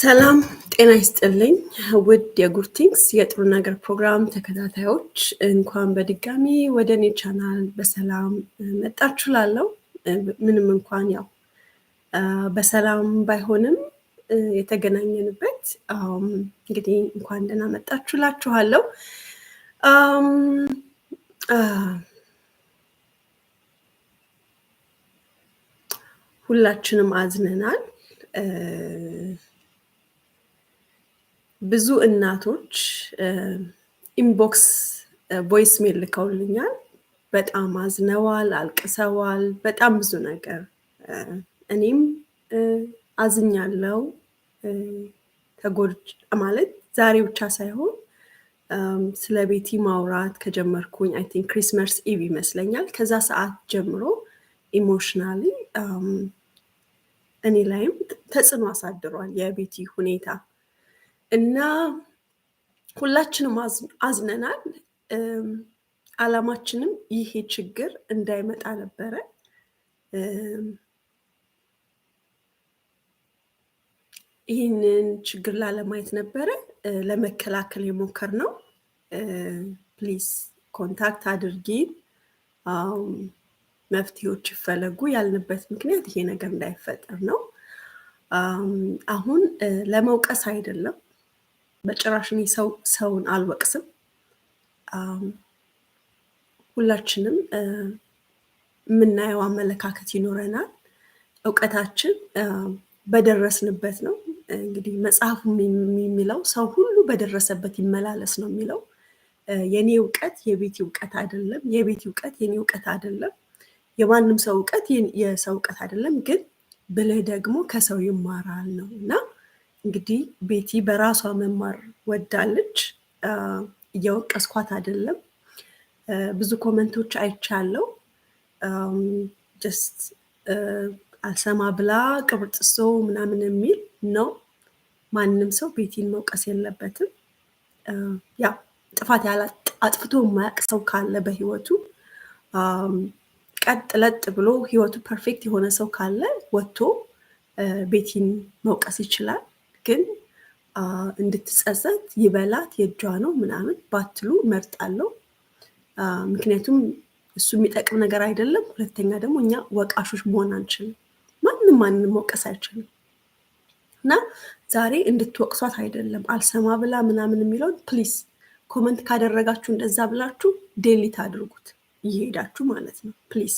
ሰላም ጤና ይስጥልኝ ውድ የጉርቲንግስ የጥሩ ነገር ፕሮግራም ተከታታዮች እንኳን በድጋሚ ወደ እኔ ቻናል በሰላም መጣችሁ። ላለው ምንም እንኳን ያው በሰላም ባይሆንም የተገናኘንበት እንግዲህ እንኳን ደህና መጣችሁ ላችኋለው። ሁላችንም አዝነናል። ብዙ እናቶች ኢንቦክስ ቮይስ ሜል ልከውልኛል። በጣም አዝነዋል፣ አልቅሰዋል፣ በጣም ብዙ ነገር። እኔም አዝኛለው ተጎድ ማለት ዛሬ ብቻ ሳይሆን ስለ ቤቲ ማውራት ከጀመርኩኝ አይ ቲንክ ክሪስመስ ኢቭ ይመስለኛል። ከዛ ሰዓት ጀምሮ ኢሞሽናሊ እኔ ላይም ተጽዕኖ አሳድሯል የቤቲ ሁኔታ። እና ሁላችንም አዝነናል። አላማችንም ይሄ ችግር እንዳይመጣ ነበረ። ይህንን ችግር ላለማየት ነበረ ለመከላከል የሞከር ነው። ፕሊስ ኮንታክት አድርጊ፣ መፍትሄዎች ይፈለጉ ያልንበት ምክንያት ይሄ ነገር እንዳይፈጠር ነው። አሁን ለመውቀስ አይደለም በጭራሽ እኔ ሰው ሰውን አልወቅስም። ሁላችንም የምናየው አመለካከት ይኖረናል። እውቀታችን በደረስንበት ነው። እንግዲህ መጽሐፉ የሚለው ሰው ሁሉ በደረሰበት ይመላለስ ነው የሚለው። የኔ እውቀት የቤት እውቀት አይደለም። የቤት እውቀት የኔ እውቀት አይደለም። የማንም ሰው እውቀት የሰው እውቀት አይደለም። ግን ብልህ ደግሞ ከሰው ይማራል ነው እና እንግዲህ ቤቲ በራሷ መማር ወዳለች። እየወቀስኳት አይደለም። ብዙ ኮመንቶች አይቻለው። ጀስት አልሰማ ብላ ቅብርጥሶ ምናምን የሚል ነው። ማንም ሰው ቤቲን መውቀስ የለበትም። ያ ጥፋት አጥፍቶ የማያውቅ ሰው ካለ በህይወቱ ቀጥ ለጥ ብሎ ህይወቱ ፐርፌክት የሆነ ሰው ካለ ወጥቶ ቤቲን መውቀስ ይችላል። ግን እንድትጸጸት ይበላት የእጇ ነው ምናምን ባትሉ አለው ምክንያቱም እሱ የሚጠቅም ነገር አይደለም። ሁለተኛ ደግሞ እኛ ወቃሾች መሆን አንችልም። ማንም ማንም መውቀስ አይችልም። እና ዛሬ እንድትወቅሷት አይደለም አልሰማ ብላ ምናምን የሚለውን ፕሊስ ኮመንት ካደረጋችሁ እንደዛ ብላችሁ ዴሊት አድርጉት፣ እየሄዳችሁ ማለት ነው። ፕሊስ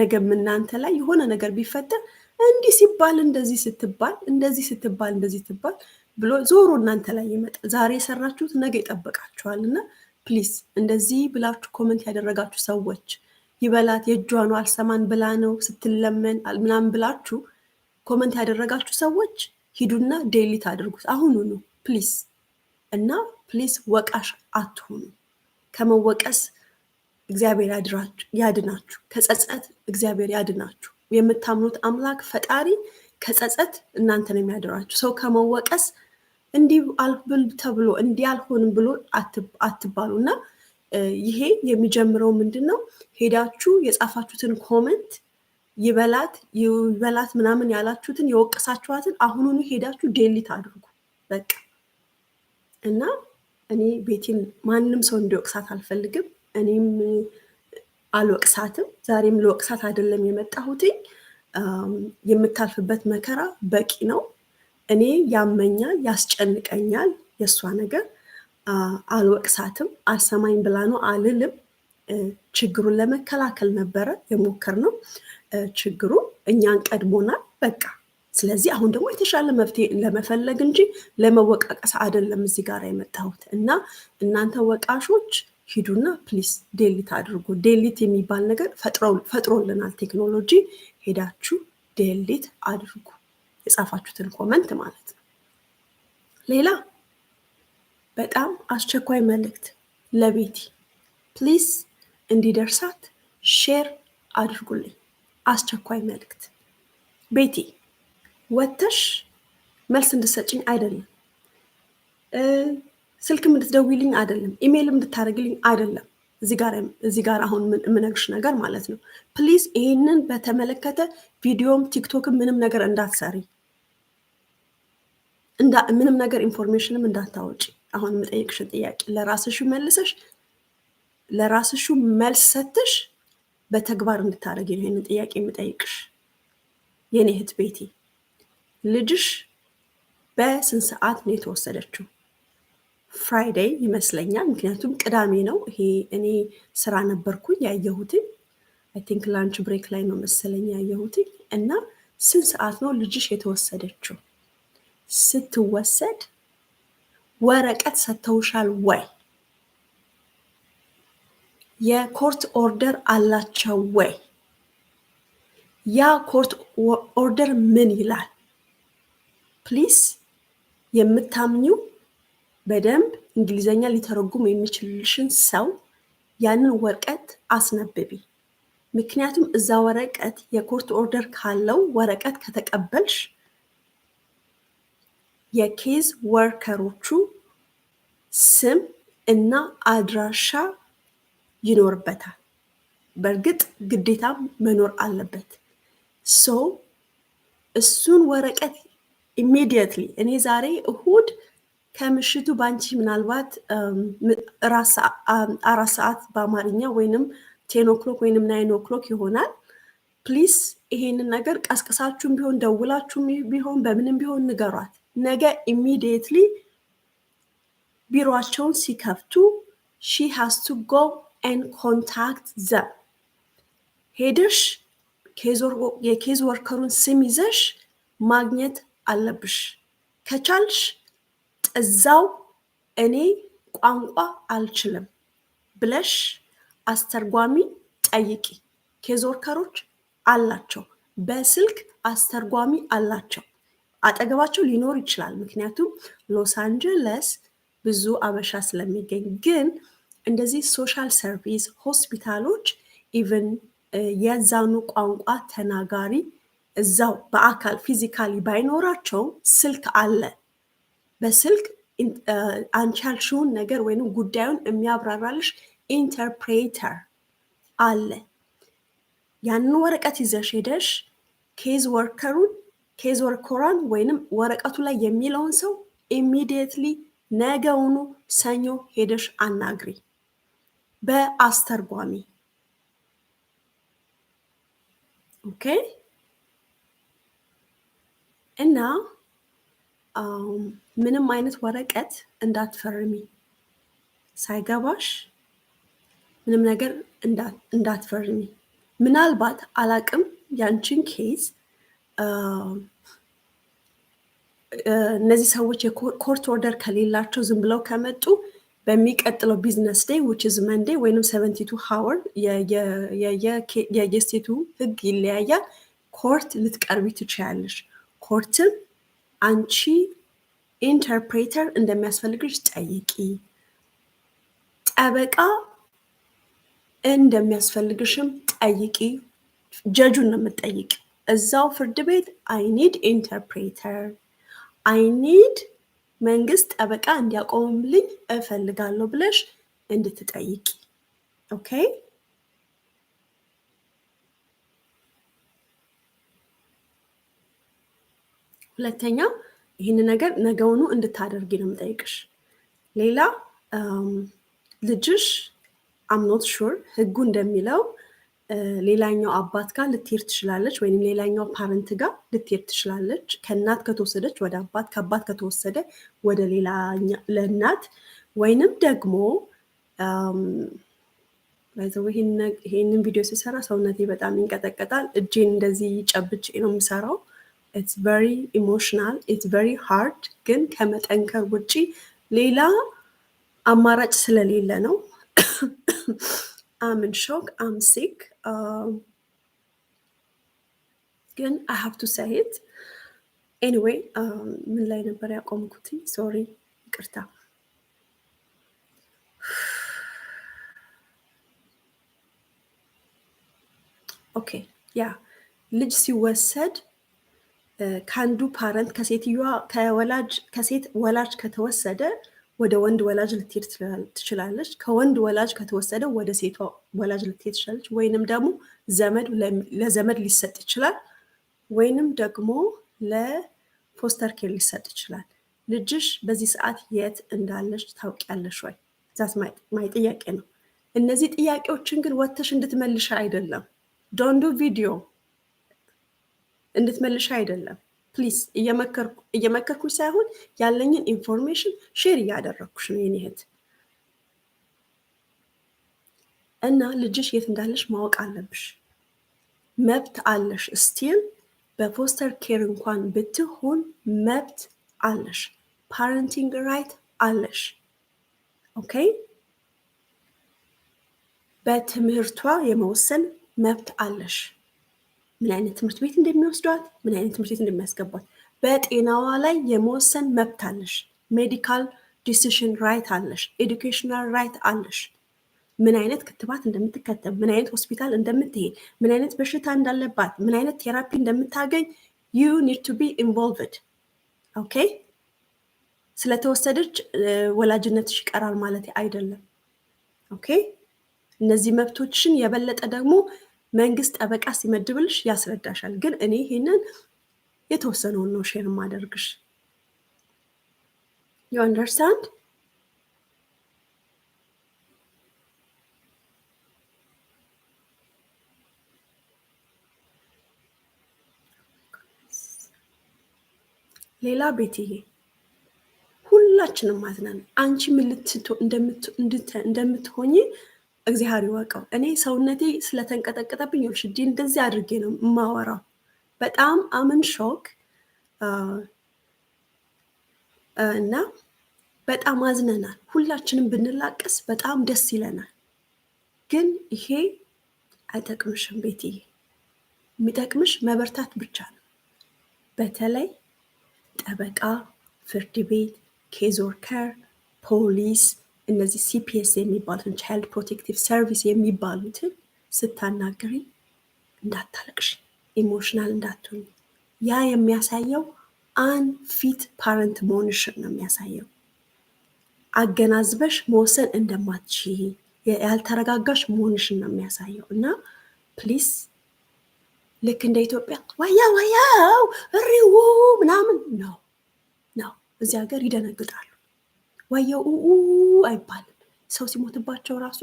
ነገም እናንተ ላይ የሆነ ነገር ቢፈጠር እንዲህ ሲባል እንደዚህ ስትባል እንደዚህ ስትባል እንደዚህ ስትባል ብሎ ዞሮ እናንተ ላይ ይመጣል። ዛሬ የሰራችሁት ነገ ይጠበቃችኋል እና ፕሊስ እንደዚህ ብላችሁ ኮመንት ያደረጋችሁ ሰዎች ይበላት የእጇ ነው አልሰማን ብላ ነው ስትለመን ምናምን ብላችሁ ኮመንት ያደረጋችሁ ሰዎች ሂዱና ዴሊት አድርጉት አሁኑኑ ፕሊስ። እና ፕሊስ ወቃሽ አትሆኑ። ከመወቀስ እግዚአብሔር ያድናችሁ። ከጸጸት እግዚአብሔር ያድናችሁ። የምታምኑት አምላክ ፈጣሪ ከጸጸት እናንተን የሚያደራችሁ ሰው ከመወቀስ እንዲህ አልብል ተብሎ እንዲህ አልሆንም ብሎ አትባሉ እና ይሄ የሚጀምረው ምንድን ነው? ሄዳችሁ የጻፋችሁትን ኮመንት ይበላት ይበላት ምናምን ያላችሁትን የወቀሳችኋትን አሁኑኑ ሄዳችሁ ዴሊት አድርጉ በቃ። እና እኔ ቤቲን ማንም ሰው እንዲወቅሳት አልፈልግም እኔም አልወቅሳትም። ዛሬም ልወቅሳት አይደለም የመጣሁትኝ። የምታልፍበት መከራ በቂ ነው። እኔ ያመኛል፣ ያስጨንቀኛል የእሷ ነገር። አልወቅሳትም፣ አልሰማኝ ብላ ነው አልልም። ችግሩን ለመከላከል ነበረ የሞከርነው። ችግሩ እኛን ቀድሞናል። በቃ ስለዚህ አሁን ደግሞ የተሻለ መፍትሄ ለመፈለግ እንጂ ለመወቃቀስ አይደለም እዚህ ጋር የመጣሁት እና እናንተ ወቃሾች ሂዱና ፕሊስ ዴሊት አድርጉ። ዴሊት የሚባል ነገር ፈጥሮልናል ቴክኖሎጂ። ሄዳችሁ ዴሊት አድርጉ የጻፋችሁትን ኮመንት ማለት ነው። ሌላ በጣም አስቸኳይ መልእክት ለቤቲ ፕሊስ እንዲደርሳት ሼር አድርጉልኝ። አስቸኳይ መልእክት ቤቲ ወተሽ መልስ እንድሰጭኝ አይደለም ስልክም እንድትደውይልኝ አይደለም፣ ኢሜይል እንድታደርግልኝ አይደለም። እዚህ ጋር አሁን የምነግርሽ ነገር ማለት ነው። ፕሊዝ ይህንን በተመለከተ ቪዲዮም ቲክቶክም ምንም ነገር እንዳትሰሪ፣ ምንም ነገር ኢንፎርሜሽንም እንዳታወጪ። አሁን የምጠይቅሽን ጥያቄ ለራስሹ መልሰሽ ለራስሹ መልስ ሰትሽ በተግባር እንድታደረግ ነው ይህንን ጥያቄ የምጠይቅሽ። የኔ እህት ቤቴ ልጅሽ በስንት ሰዓት ነው የተወሰደችው? ፍራይዴይ ይመስለኛል። ምክንያቱም ቅዳሜ ነው ይሄ። እኔ ስራ ነበርኩኝ ያየሁትኝ። አይ ቲንክ ላንች ብሬክ ላይ ነው መሰለኝ ያየሁትኝ። እና ስንት ሰዓት ነው ልጅሽ የተወሰደችው? ስትወሰድ ወረቀት ሰጥተውሻል ወይ? የኮርት ኦርደር አላቸው ወይ? ያ ኮርት ኦርደር ምን ይላል? ፕሊስ የምታምኙ በደንብ እንግሊዘኛ ሊተረጉም የሚችልሽን ሰው ያንን ወረቀት አስነብቢ። ምክንያቱም እዛ ወረቀት የኮርት ኦርደር ካለው ወረቀት ከተቀበልሽ የኬዝ ወርከሮቹ ስም እና አድራሻ ይኖርበታል። በእርግጥ ግዴታ መኖር አለበት። ሰው እሱን ወረቀት ኢሚዲየትሊ እኔ ዛሬ እሁድ ከምሽቱ በአንቺ ምናልባት አራት ሰዓት በአማርኛ ወይንም ቴን ኦክሎክ ወይንም ናይን ኦክሎክ ይሆናል። ፕሊስ ይሄንን ነገር ቀስቅሳችሁም ቢሆን ደውላችሁም ቢሆን በምንም ቢሆን ንገሯት። ነገ ኢሚዲየትሊ ቢሮቸውን ሲከፍቱ ሺ ሃስ ቱ ጎ ኤን ኮንታክት ዘም ሄደሽ የኬዝ ወርከሩን ስም ይዘሽ ማግኘት አለብሽ ከቻልሽ እዛው እኔ ቋንቋ አልችልም ብለሽ አስተርጓሚ ጠይቂ። ኬዞርከሮች አላቸው፣ በስልክ አስተርጓሚ አላቸው። አጠገባቸው ሊኖር ይችላል፣ ምክንያቱም ሎስ አንጀለስ ብዙ አበሻ ስለሚገኝ። ግን እንደዚህ ሶሻል ሰርቪስ ሆስፒታሎች ኢቨን የዛኑ ቋንቋ ተናጋሪ እዛው በአካል ፊዚካሊ ባይኖራቸውም ስልክ አለ። በስልክ አንቺ ያልሽውን ነገር ወይም ጉዳዩን የሚያብራራልሽ ኢንተርፕሬተር አለ። ያንን ወረቀት ይዘሽ ሄደሽ ኬዝ ወርከሩን ኬዝ ወርከሯን ወይንም ወረቀቱ ላይ የሚለውን ሰው ኢሚዲየትሊ ነገውኑ ሰኞ ሄደሽ አናግሪ በአስተርጓሚ ኦኬ እና ምንም አይነት ወረቀት እንዳትፈርሚ ሳይገባሽ ምንም ነገር እንዳትፈርሚ። ምናልባት አላቅም ያንቺን ኬዝ እነዚህ ሰዎች የኮርት ኦርደር ከሌላቸው ዝም ብለው ከመጡ በሚቀጥለው ቢዝነስ ዴይ ዊች ኢዝ መንዴ ወይም ሰቨንቲቱ ሃወር የየስቴቱ ህግ ይለያያል። ኮርት ልትቀርቢ ትችያለሽ። ኮርትም አንቺ ኢንተርፕሬተር እንደሚያስፈልግሽ ጠይቂ፣ ጠበቃ እንደሚያስፈልግሽም ጠይቂ። ጀጁን ነው የምጠይቅ እዛው ፍርድ ቤት። አይኒድ ኢንተርፕሬተር፣ አይኒድ መንግስት ጠበቃ እንዲያቆምልኝ እፈልጋለሁ ብለሽ እንድትጠይቂ ኦኬ። ሁለተኛ ይህን ነገር ነገውኑ እንድታደርጊ ነው የምጠይቅሽ። ሌላ ልጅሽ አምኖት ሹር ህጉ እንደሚለው ሌላኛው አባት ጋር ልትሄድ ትችላለች፣ ወይም ሌላኛው ፓረንት ጋር ልትሄድ ትችላለች። ከእናት ከተወሰደች ወደ አባት፣ ከአባት ከተወሰደ ወደ ሌላ ለእናት ወይንም ደግሞ ይህንን ቪዲዮ ሲሰራ ሰውነቴ በጣም ይንቀጠቀጣል። እጄን እንደዚህ ጨብጬ ነው የምሰራው። ኢትስ ቨሪ ኢሞሽናል ኢትስ ቨሪ ሃርድ። ግን ከመጠንከር ውጪ ሌላ አማራጭ ስለሌለ ነው። አምን ሾክ አም ሲክ ግን አይ ሃቭ ቱ ሴይ ኢት ኤኒዌይ። ምን ላይ ነበር ያቆምኩትኝ? ሶሪ ይቅርታ። ኦኬ ያ ልጅ ሲወሰድ ከአንዱ ፓረንት ከሴትዮዋ ከወላጅ ከሴት ወላጅ ከተወሰደ ወደ ወንድ ወላጅ ልትሄድ ትችላለች። ከወንድ ወላጅ ከተወሰደ ወደ ሴቷ ወላጅ ልትሄድ ትችላለች። ወይንም ደግሞ ዘመድ ለዘመድ ሊሰጥ ይችላል። ወይንም ደግሞ ለፖስተር ኬር ሊሰጥ ይችላል። ልጅሽ በዚህ ሰዓት የት እንዳለች ታውቂያለሽ ወይ? ዛት ማይ ጥያቄ ነው። እነዚህ ጥያቄዎችን ግን ወጥተሽ እንድትመልሽ አይደለም። ዶንዱ ቪዲዮ እንድትመልሽ አይደለም። ፕሊስ እየመከርኩ ሳይሆን ያለኝን ኢንፎርሜሽን ሼር እያደረግኩሽ ነው የኔ እህት እና ልጅሽ የት እንዳለሽ ማወቅ አለብሽ። መብት አለሽ። ስቲል በፎስተር ኬር እንኳን ብትሆን መብት አለሽ። ፓረንቲንግ ራይት አለሽ። ኦኬ። በትምህርቷ የመወሰን መብት አለሽ። ምን አይነት ትምህርት ቤት እንደሚወስዷት፣ ምን አይነት ትምህርት ቤት እንደሚያስገቧት በጤናዋ ላይ የመወሰን መብት አለሽ። ሜዲካል ዲሲሽን ራይት አለሽ። ኤዱኬሽናል ራይት አለሽ። ምን አይነት ክትባት እንደምትከተብ፣ ምን አይነት ሆስፒታል እንደምትሄድ፣ ምን አይነት በሽታ እንዳለባት፣ ምን አይነት ቴራፒ እንደምታገኝ ዩ ኒድ ቱ ቢ ኢንቮልቭድ ኦኬ። ስለተወሰደች ወላጅነትሽ ይቀራል ማለት አይደለም። ኦኬ። እነዚህ መብቶችን የበለጠ ደግሞ መንግስት ጠበቃ ሲመድብልሽ ያስረዳሻል። ግን እኔ ይህንን የተወሰነውን ነው ሼር ማደርግሽ። ዩ አንደርስታንድ ሌላ ቤትዬ ሁላችንም ማዝናን አንቺ ምልት እንደምትሆኝ እግዚአብሔር ይወቀው። እኔ ሰውነቴ ስለተንቀጠቀጠብኝ ሽ እንደዚህ አድርጌ ነው የማወራው። በጣም አምን ሾክ እና በጣም አዝነናል። ሁላችንም ብንላቀስ በጣም ደስ ይለናል። ግን ይሄ አይጠቅምሽም ቤትዬ። የሚጠቅምሽ መበርታት ብቻ ነው። በተለይ ጠበቃ፣ ፍርድ ቤት፣ ኬዝ ወርከር፣ ፖሊስ እነዚህ ሲፒኤስ የሚባሉትን ቻይልድ ፕሮቴክቲቭ ሰርቪስ የሚባሉትን ስታናግሪ እንዳታለቅሽ፣ ኢሞሽናል እንዳትሆኝ። ያ የሚያሳየው አንፊት ፓረንት መሆንሽን ነው የሚያሳየው። አገናዝበሽ መወሰን እንደማትችይ ያልተረጋጋሽ መሆንሽን ነው የሚያሳየው። እና ፕሊስ ልክ እንደ ኢትዮጵያ ዋያ ዋያው እሪው ምናምን ነው ነው፣ እዚህ ሀገር ይደነግጣል። ወየው አይባልም። ሰው ሲሞትባቸው ራሱ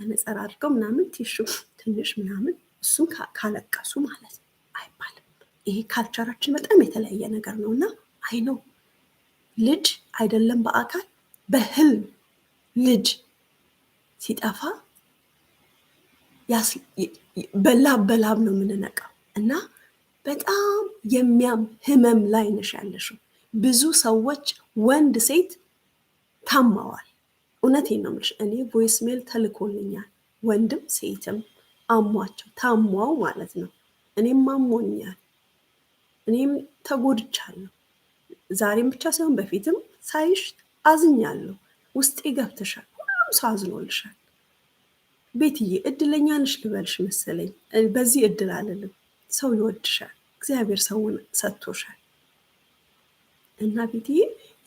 መነጽር አድርገው ምናምን ቲሹ ትንሽ ምናምን እሱም ካለቀሱ ማለት አይባልም። ይሄ ካልቸራችን በጣም የተለያየ ነገር ነው እና አይ ነው ልጅ አይደለም በአካል በህልም ልጅ ሲጠፋ በላብ በላብ ነው የምንነቃው እና በጣም የሚያም ህመም ላይ ነሽ ያለሽው። ብዙ ሰዎች ወንድ ሴት ታማዋል። እውነት ነው የምልሽ። እኔ ቮይስ ሜል ተልኮልኛል። ወንድም ሴትም አሟቸው ታሟው ማለት ነው። እኔም አሞኛል፣ እኔም ተጎድቻለሁ። ዛሬም ብቻ ሳይሆን በፊትም ሳይሽ አዝኛለሁ። ውስጤ ገብተሻል። ሁሉም ሰው አዝኖልሻል። ቤትዬ እድለኛ ነሽ ልበልሽ መሰለኝ። በዚህ እድል አልልም። ሰው ይወድሻል። እግዚአብሔር ሰውን ሰጥቶሻል እና ቤትዬ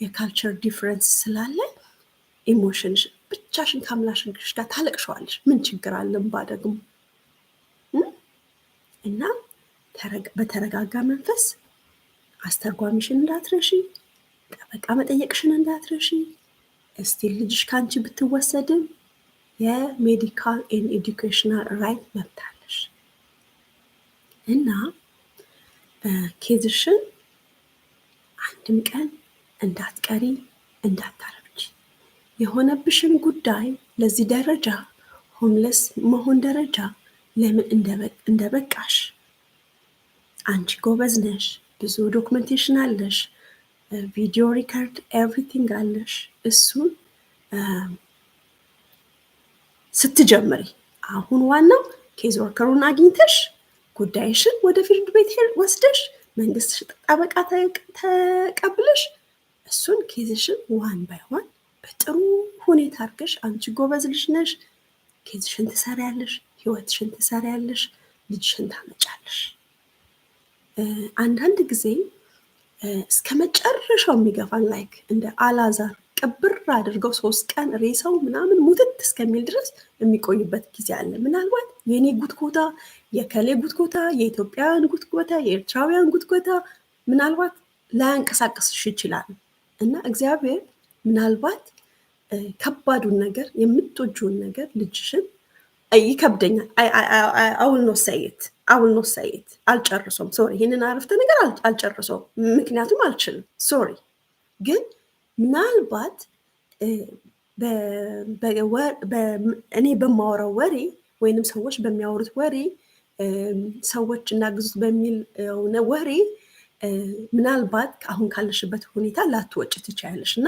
የካልቸር ዲፍረንስ ስላለ ኢሞሽንሽ ብቻሽን ከአምላክሽ ጋር ታለቅሸዋለሽ። ምን ችግር አለን ባ እና በተረጋጋ መንፈስ አስተርጓሚሽን እንዳትረሺ፣ ጠበቃ መጠየቅሽን እንዳትረሺ። እስቲል ልጅሽ ከአንቺ ብትወሰድም የሜዲካል ኤን ኤዱኬሽናል ራይት መብታለሽ እና ኬዝሽን አንድም ቀን እንዳትቀሪ እንዳታረብች የሆነብሽን ጉዳይ ለዚህ ደረጃ ሆምለስ መሆን ደረጃ ለምን እንደበቃሽ አንቺ ጎበዝ ነሽ፣ ብዙ ዶክመንቴሽን አለሽ፣ ቪዲዮ ሪከርድ ኤቭሪቲንግ አለሽ። እሱን ስትጀምሪ አሁን ዋናው ኬዝ ወርከሩን አግኝተሽ ጉዳይሽን ወደ ፍርድ ቤት ወስደሽ መንግስት ጠበቃ ተቀብለሽ እሱን ኬዝሽን ዋን ባይሆን በጥሩ ሁኔታ አድርገሽ አንቺ ጎበዝ ልጅ ነሽ፣ ኬዝሽን ትሰሪያለሽ፣ ህይወትሽን ትሰሪያለሽ፣ ልጅሽን ታመጫለሽ። አንዳንድ ጊዜ እስከ መጨረሻው የሚገፋን ላይክ እንደ አላዛር ቅብር አድርገው ሶስት ቀን ሬሳው ምናምን ሙትት እስከሚል ድረስ የሚቆይበት ጊዜ አለ። ምናልባት የኔ ጉትኮታ የከሌ ጉትኮታ፣ የኢትዮጵያውያን ጉትጎታ፣ የኤርትራውያን ጉትኮታ ምናልባት ላያንቀሳቀስሽ ይችላል። እና እግዚአብሔር ምናልባት ከባዱን ነገር የምትወጁውን ነገር ልጅሽን ይከብደኛል። አሁን ነው ሰይት አሁን ነው ሰይት አልጨርሶም። ሶሪ ይህንን አረፍተ ነገር አልጨርሶም፣ ምክንያቱም አልችልም። ሶሪ ግን ምናልባት እኔ በማወራው ወሬ ወይንም ሰዎች በሚያወሩት ወሬ ሰዎች እናግዙት በሚል ወሬ ምናልባት አሁን ካለሽበት ሁኔታ ላትወጭ ትችያለሽ እና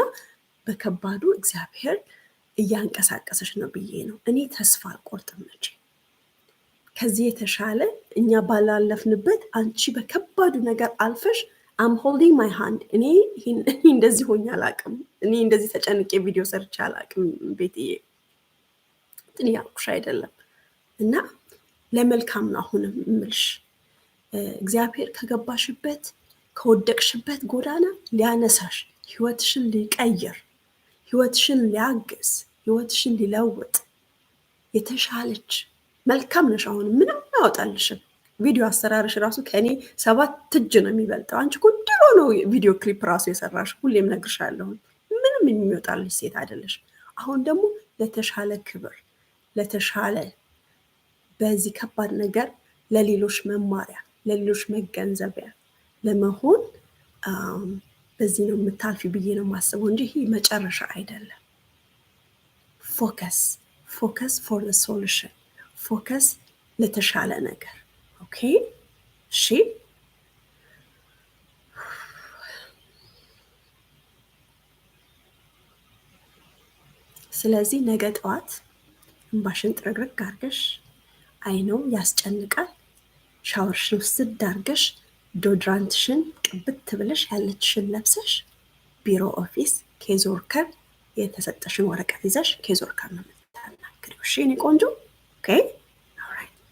በከባዱ እግዚአብሔር እያንቀሳቀሰች ነው ብዬ ነው እኔ ተስፋ አልቆርጥም። መቼ ከዚህ የተሻለ እኛ ባላለፍንበት አንቺ በከባዱ ነገር አልፈሽ አም ሆልዲንግ ማይ ሃንድ። እኔ እንደዚህ ሆኜ አላቅም። እኔ እንደዚህ ተጨንቄ ቪዲዮ ሰርቼ አላቅም። ቤትዬ እንትን ያልኩሽ አይደለም እና ለመልካም ነው አሁንም እምልሽ እግዚአብሔር ከገባሽበት ከወደቅሽበት ጎዳና ሊያነሳሽ፣ ህይወትሽን ሊቀይር፣ ህይወትሽን ሊያግዝ፣ ህይወትሽን ሊለውጥ የተሻለች መልካም ነሽ። አሁን ምንም አያወጣልሽም። ቪዲዮ አሰራርሽ ራሱ ከእኔ ሰባት እጅ ነው የሚበልጠው። አንቺ እኮ ነው ቪዲዮ ክሊፕ ራሱ የሰራሽ። ሁሌም እነግርሻለሁ ምንም የሚወጣልሽ ሴት አይደለሽ። አሁን ደግሞ ለተሻለ ክብር፣ ለተሻለ በዚህ ከባድ ነገር ለሌሎች መማሪያ፣ ለሌሎች መገንዘቢያ በመሆን በዚህ ነው የምታልፊ ብዬ ነው የማስበው እንጂ ይህ መጨረሻ አይደለም። ፎከስ ፎከስ ፎር ሶሉሽን ፎከስ ለተሻለ ነገር ኦኬ። እሺ ስለዚህ ነገ ጠዋት እንባሽን ጥርግርግ አርገሽ አይነው ያስጨንቃል ሻወርሽን ስድ አርገሽ ዶድራንትሽን ቅብት ብለሽ ያለችሽን ለብሰሽ ቢሮ ኦፊስ ኬዞርከር የተሰጠሽን ወረቀት ይዘሽ ኬዞርከር ነው የምታናግሪው። እሺ የእኔ ቆንጆ ኦኬ።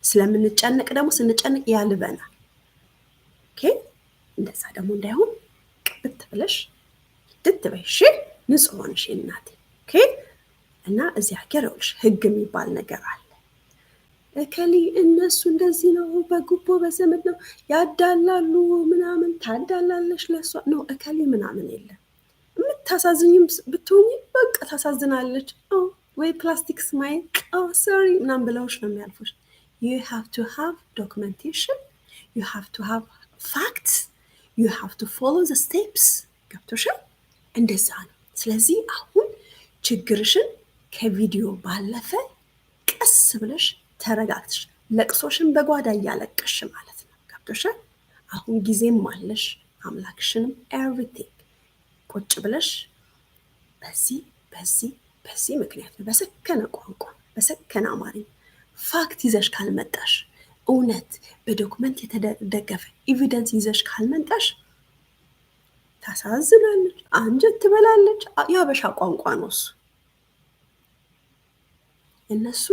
ስለምንጨነቅ ደግሞ ስንጨነቅ ያልበናል። ኦኬ እንደዛ ደግሞ እንዳይሆን ቅብት ብለሽ ድት በይሽ ንጹህ ሆንሽ እናቴ። ኦኬ እና እዚህ ሀገር ይኸውልሽ ህግ የሚባል ነገር አለ። እከሌ እነሱ እንደዚህ ነው፣ በጉቦ በዘመድ ነው ያዳላሉ፣ ምናምን ታዳላለች ለሷ ነው እከሌ ምናምን የለም። የምታሳዝኝም ብትሆኝ በቃ ታሳዝናለች ወይ ፕላስቲክ ስማይል ሶሪ ምናምን ብለውሽ ነው የሚያልፎች። ዩ ሃቭ ቱ ሃቭ ዶክመንቴሽን፣ ዩ ሃቭ ቱ ሃቭ ፋክትስ፣ ዩ ሃቭ ቱ ፎሎ ዘ ስቴፕስ። ገብቶሻል? እንደዛ ነው። ስለዚህ አሁን ችግርሽን ከቪዲዮ ባለፈ ቀስ ብለሽ ተረጋግተሽ ለቅሶሽን በጓዳ እያለቀሽ ማለት ነው። ገብቶሻል? አሁን ጊዜም አለሽ አምላክሽንም ኤቭሪቲንግ ቁጭ ብለሽ በዚህ በዚህ በዚህ ምክንያት ነው በሰከነ ቋንቋ በሰከነ አማርኛ ፋክት ይዘሽ ካልመጣሽ እውነት በዶክመንት የተደገፈ ኤቪደንስ ይዘሽ ካልመጣሽ ታሳዝናለች፣ አንጀት ትበላለች። የሀበሻ ቋንቋ ነው እሱ እነሱ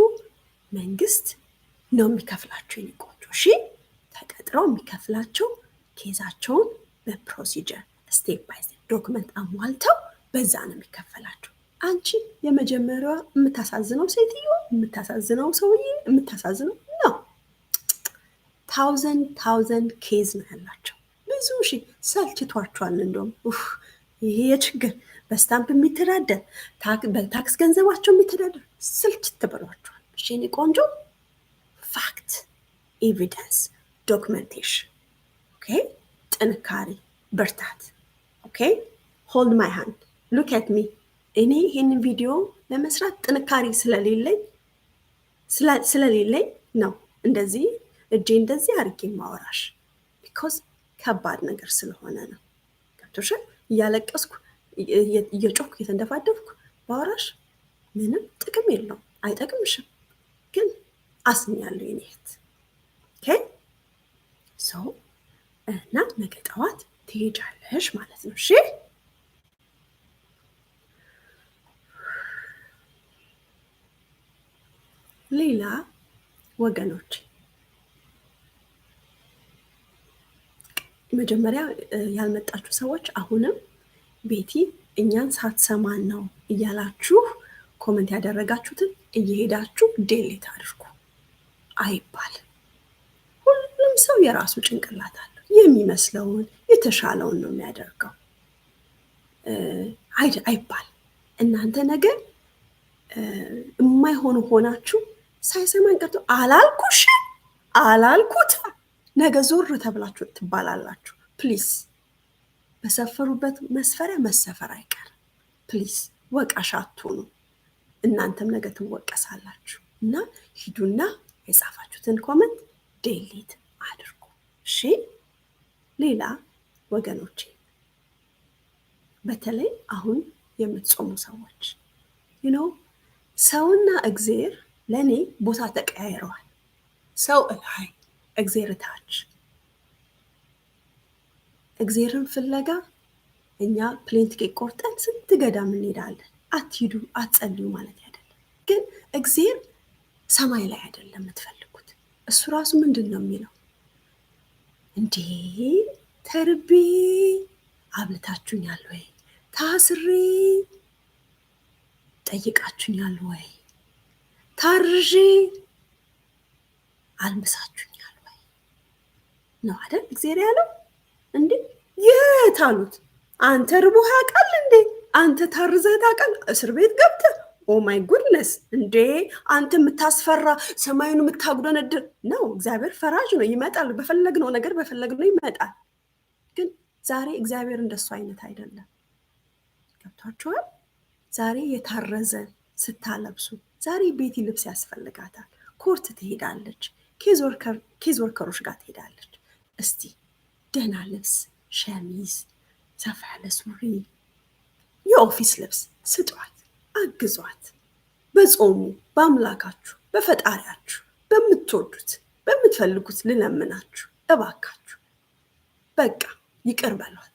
መንግስት ነው የሚከፍላቸው የኔ ቆንጆ። እሺ ተቀጥረው የሚከፍላቸው ኬዛቸውን በፕሮሲጀር ስቴፕ ባይ ስቴፕ ዶክመንት አሟልተው በዛ ነው የሚከፈላቸው። አንቺ የመጀመሪያዋ የምታሳዝነው ሴትዮ፣ የምታሳዝነው ሰውዬ፣ የምታሳዝነው ነው። ታውዘንድ ታውዘንድ ኬዝ ነው ያላቸው። ብዙ ሺ ሰልችቷቸዋል። እንደውም ይሄ የችግር በስታምፕ የሚተዳደር በታክስ ገንዘባቸው የሚተዳደር ስልችት ብሏቸዋል። እኔ ቆንጆ ፋክት፣ ኤቪደንስ፣ ዶክመንቴሽን፣ ኦኬ፣ ጥንካሬ፣ ብርታት። ኦኬ ሆልድ ማይ ሃንድ ሉክ አት ሚ። እኔ ይህንን ቪዲዮ ለመስራት ጥንካሬ ስለሌለኝ ስለሌለኝ ነው እንደዚህ እጄ እንደዚህ አድርጌ ማወራሽ ቢኮዝ ከባድ ነገር ስለሆነ ነው። ገብቶሻል? እያለቀስኩ እየጮኩ እየተንደፋደፍኩ ባወራሽ ምንም ጥቅም የለውም፣ አይጠቅምሽም። አስኛለሁ የኔ እህት ሰው እና ነገ ጠዋት ትሄጃለሽ ማለት ነው። እሺ ሌላ ወገኖች መጀመሪያ ያልመጣችሁ ሰዎች አሁንም ቤቲ እኛን ሳትሰማን ነው እያላችሁ ኮመንት ያደረጋችሁትን እየሄዳችሁ ዴሌት አድርጉ። አይባል። ሁሉም ሰው የራሱ ጭንቅላት አለው። የሚመስለውን የተሻለውን ነው የሚያደርገው አይባል። እናንተ ነገር የማይሆኑ ሆናችሁ ሳይሰማን ቀርቶ አላልኩሽ አላልኩት ነገ ዞር ተብላችሁ ትባላላችሁ። ፕሊስ በሰፈሩበት መስፈሪያ መሰፈር አይቀርም። ፕሊስ ወቃሻ አትሁኑ። እናንተም ነገ ትወቀሳላችሁ እና ሂዱና የጻፋችሁትን ኮመንት ዴሊት አድርጉ። እሺ ሌላ ወገኖቼ፣ በተለይ አሁን የምትጾሙ ሰዎች ዩኖ ሰውና እግዜር ለእኔ ቦታ ተቀያይረዋል። ሰው እላይ፣ እግዜር ታች። እግዜርን ፍለጋ እኛ ፕሌን ቲኬት ቆርጠን ስንት ገዳም እንሄዳለን። አትሂዱ አትጸልዩ ማለት አይደለም፣ ግን እግዜር ሰማይ ላይ አይደለም የምትፈልጉት። እሱ ራሱ ምንድን ነው የሚለው? እንዴ ተርቤ አብልታችሁኛል ወይ? ታስሬ ጠይቃችሁኛል ወይ? ታርዤ አልምሳችሁኛል ወይ? ነው አይደል እግዚአብሔር ያለው። እንዴ የት አሉት። አንተ ርቦህ ያውቃል እንዴ? አንተ ታርዘህ ታውቃል? እስር ቤት ገብተህ ኦ ማይ ጉድነስ እንዴ አንተ የምታስፈራ ሰማዩን የምታጉደነድር ነው። እግዚአብሔር ፈራጅ ነው፣ ይመጣል። በፈለግነው ነገር በፈለግነው ይመጣል። ግን ዛሬ እግዚአብሔር እንደሱ አይነት አይደለም። ገብቷችኋል? ዛሬ የታረዘ ስታለብሱ፣ ዛሬ ቤቲ ልብስ ያስፈልጋታል። ኮርት ትሄዳለች፣ ኬዝ ወርከሮች ጋር ትሄዳለች። እስቲ ደህና ልብስ፣ ሸሚዝ፣ ሰፋ ያለ ሱሪ፣ የኦፊስ ልብስ ስጧት። አግዟት። በጾሙ በአምላካችሁ በፈጣሪያችሁ በምትወዱት በምትፈልጉት ልለምናችሁ እባካችሁ በቃ ይቅር በሏት።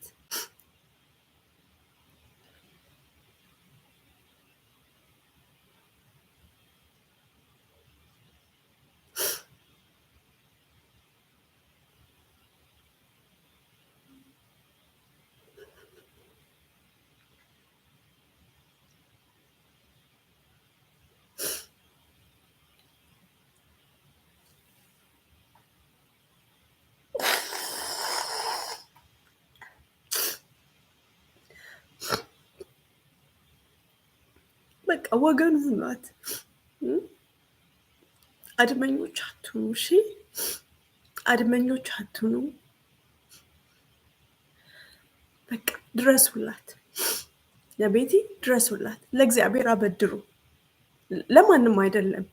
ወገን ሁኗት። አድመኞች አትኑ፣ እሺ አድመኞች አትኑ። በቃ ድረሱላት፣ ለቤቲ ድረሱላት። ለእግዚአብሔር አበድሩ፣ ለማንም አይደለም።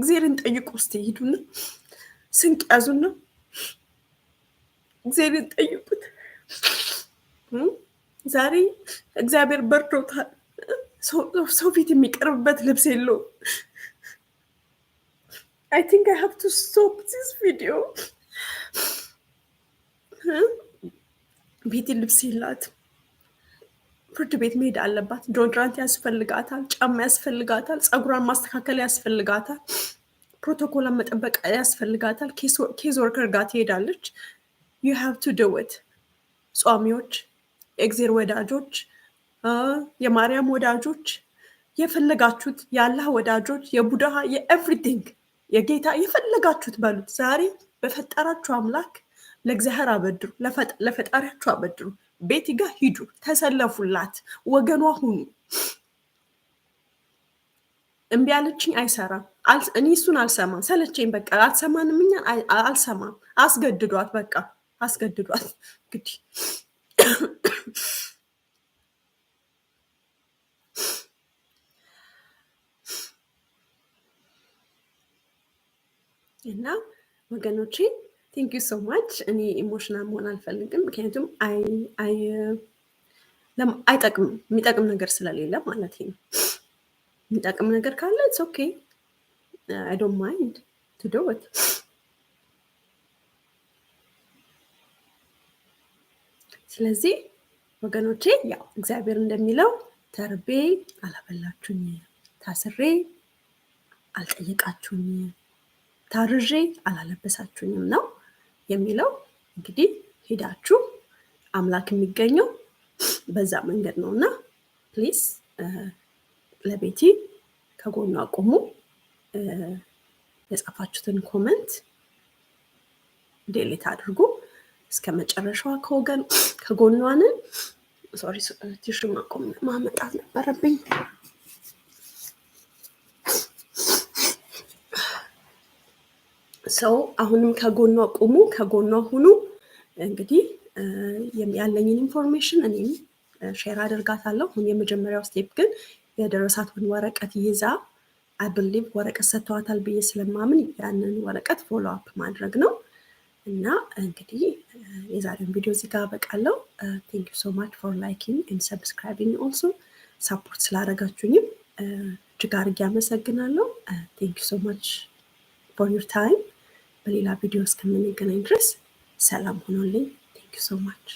እግዚአብሔርን ጠይቁ። ውስጥ ይሄዱና ስንቅ ያዙና እግዚአብሔርን ጠይቁት። ዛሬ እግዚአብሔር በርዶታል። ሰው ፊት የሚቀርብበት ልብስ የለውም። አይ ቲንክ አይ ሀብ ቱ ስቶፕ ዚስ ቪዲዮ። ቤቲ ልብስ የላት ፍርድ ቤት መሄድ አለባት። ዶድራንት ያስፈልጋታል፣ ጫማ ያስፈልጋታል፣ ፀጉሯን ማስተካከል ያስፈልጋታል፣ ፕሮቶኮሏን መጠበቅ ያስፈልጋታል። ኬዝ ወርከር ጋር ትሄዳለች። ዩ ሃቭ ቱ ዱ ኢት። ጿሚዎች፣ የእግዜር ወዳጆች የማርያም ወዳጆች፣ የፈለጋችሁት የአላህ ወዳጆች፣ የቡዳ የኤቭሪቲንግ የጌታ የፈለጋችሁት በሉት። ዛሬ በፈጠራችሁ አምላክ ለእግዚአብሔር አበድሩ፣ ለፈጣሪያችሁ አበድሩ። ቤቲ ጋር ሂዱ፣ ተሰለፉላት፣ ወገኗ ሁኑ። እምቢ አለችኝ፣ አይሰራም። እኔ እሱን አልሰማም፣ ሰለቼኝ በቃ አልሰማንም፣ እኛን አልሰማም። አስገድዷት፣ በቃ አስገድዷት እንግዲህ እና ወገኖቼ ቴንክ ዩ ሶ ማች። እኔ ኢሞሽናል መሆን አልፈልግም፣ ምክንያቱም አይጠቅምም። የሚጠቅም ነገር ስለሌለ ማለት ነው። የሚጠቅም ነገር ካለ ኢትስ ኦኬ አይ ዶንት ማይንድ ቱ ኢት። ስለዚህ ወገኖቼ ያው እግዚአብሔር እንደሚለው ተርቤ አላበላችሁኝ፣ ታስሬ አልጠየቃችሁኝ ታርዤ አላለበሳችሁኝም ነው የሚለው። እንግዲህ ሄዳችሁ አምላክ የሚገኘው በዛ መንገድ ነው እና ለቤቲ ከጎኗ ቆሙ የጻፋችሁትን ኮመንት ዴሌት አድርጉ። እስከ መጨረሻዋ ከወገን ከጎኗንን ሶሪ ቲሹ ማቆም ማመጣት ነበረብኝ። ሰው አሁንም ከጎኗ ቁሙ፣ ከጎኗ ሁኑ። እንግዲህ ያለኝን ኢንፎርሜሽን እኔም ሼር አድርጋታለሁ አሁን የመጀመሪያው ስቴፕ ግን የደረሳትን ወረቀት ይዛ አይብሊቭ ወረቀት ሰጥተዋታል ብዬ ስለማምን ያንን ወረቀት ፎሎ አፕ ማድረግ ነው እና እንግዲህ የዛሬውን ቪዲዮ እዚህ ጋር አበቃለሁ። ቴንክ ዩ ሶ ማች ፎር ላይኪንግ ኤንድ ሰብስክራይቢንግ ኦልሶ ሳፖርት ስላደረጋችሁኝም እጅግ አድርጌ አመሰግናለሁ። ቴንክ ዩ ሶ ማች ፎር ዩር ታይም በሌላ ቪዲዮ እስከምንገናኝ ድረስ ሰላም ሆኖልኝ። ቴንክ ዩ ሶ ማች